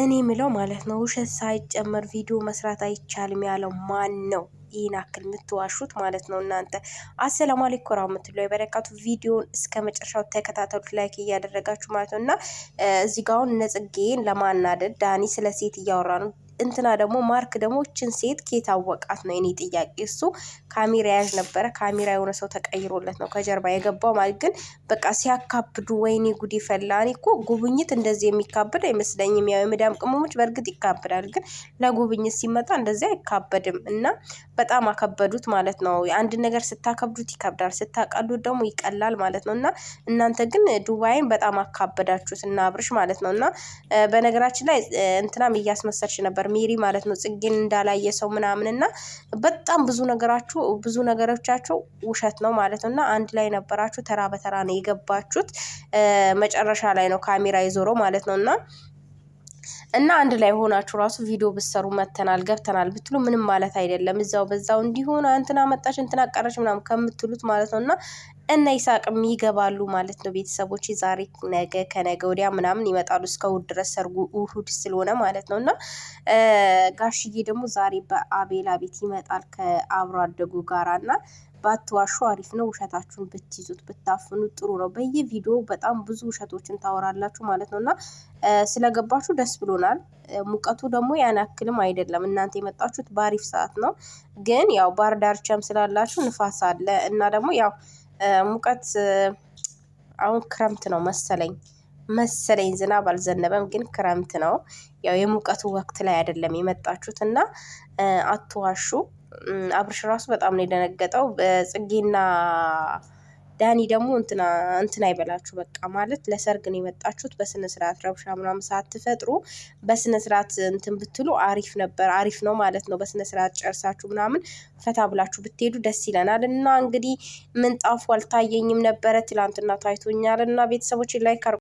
እኔ ምለው ማለት ነው ውሸት ሳይጨመር ቪዲዮ መስራት አይቻልም ያለው ማን ነው? ይህን አክል የምትዋሹት ማለት ነው እናንተ። አሰላሙ አለይኩም ወራህመቱላሂ ወበረካቱ። ቪዲዮን እስከ መጨረሻው ተከታተሉት ላይክ እያደረጋችሁ ማለት ነው። እና እዚህ ጋ አሁን ነጽጌን ለማናደድ ዳኒ ስለ ሴት እያወራ ነው። እንትና ደግሞ ማርክ ደግሞ እችን ሴት ኬታወቃት ነው የኔ ጥያቄ። እሱ ካሜራ ያዥ ነበረ። ካሜራ የሆነ ሰው ተቀይሮለት ነው ከጀርባ የገባው ማለት ግን በቃ ሲያካብዱ፣ ወይኔ ጉድ ፈላ። እኔ እኮ ጉብኝት እንደዚህ የሚካበድ አይመስለኝም። ያው የመዳም ቅመሞች በእርግጥ ይካበዳል፣ ግን ለጉብኝት ሲመጣ እንደዚህ አይካበድም። እና በጣም አከበዱት ማለት ነው። አንድ ነገር ስታከብዱት ይከብዳል፣ ስታቀሉት ደግሞ ይቀላል ማለት ነው። እና እናንተ ግን ዱባይን በጣም አካበዳችሁት እና አብርሽ ማለት ነው። እና በነገራችን ላይ እንትናም እያስመሰልሽ ነበር ነበር ሜሪ ማለት ነው ጽጌን እንዳላየ ሰው ምናምን እና በጣም ብዙ ነገራችሁ ብዙ ነገሮቻቸው ውሸት ነው ማለት ነው እና አንድ ላይ ነበራችሁ ተራ በተራ ነው የገባችሁት መጨረሻ ላይ ነው ካሜራ የዞረው ማለት ነው እና እና አንድ ላይ ሆናችሁ ራሱ ቪዲዮ ብትሰሩ መተናል ገብተናል ብትሉ ምንም ማለት አይደለም። እዛው በዛው እንዲሆን እንትና መጣች እንትና ቀረች ምናምን ከምትሉት ማለት ነው እና እና ይሳቅም ይገባሉ ማለት ነው። ቤተሰቦች ዛሬ ነገ ከነገ ወዲያ ምናምን ይመጣሉ እስከ እሑድ ድረስ ሰርጉ እሑድ ስለሆነ ማለት ነው። እና ጋሽዬ ደግሞ ዛሬ በአቤላ ቤት ይመጣል ከአብሮ አደጉ ጋራ እና ባትዋሹ አሪፍ ነው። ውሸታችሁን ብትይዙት ብታፍኑት ጥሩ ነው። በየቪዲዮ በጣም ብዙ ውሸቶችን ታወራላችሁ ማለት ነው እና ስለገባችሁ ደስ ብሎናል። ሙቀቱ ደግሞ ያን ያክልም አይደለም። እናንተ የመጣችሁት በአሪፍ ሰዓት ነው። ግን ያው ባህር ዳርቻም ስላላችሁ ንፋስ አለ እና ደግሞ ያው ሙቀት አሁን ክረምት ነው መሰለኝ መሰለኝ ዝናብ አልዘነበም፣ ግን ክረምት ነው። ያው የሙቀቱ ወቅት ላይ አይደለም የመጣችሁት እና አትዋሹ። አብርሽ ራሱ በጣም ነው የደነገጠው ጽጌና ዳኒ ደግሞ እንትን አይበላችሁ በቃ ማለት ለሰርግ ነው የመጣችሁት በስነ ስርዓት ረብሻ ምናምን ሳትፈጥሩ በስነ ስርዓት እንትን ብትሉ አሪፍ ነበር አሪፍ ነው ማለት ነው። በስነ ስርዓት ጨርሳችሁ ምናምን ፈታ ብላችሁ ብትሄዱ ደስ ይለናል። እና እንግዲህ ምንጣፉ አልታየኝም ነበረ ትላንትና ታይቶኛል። እና ቤተሰቦች ላይ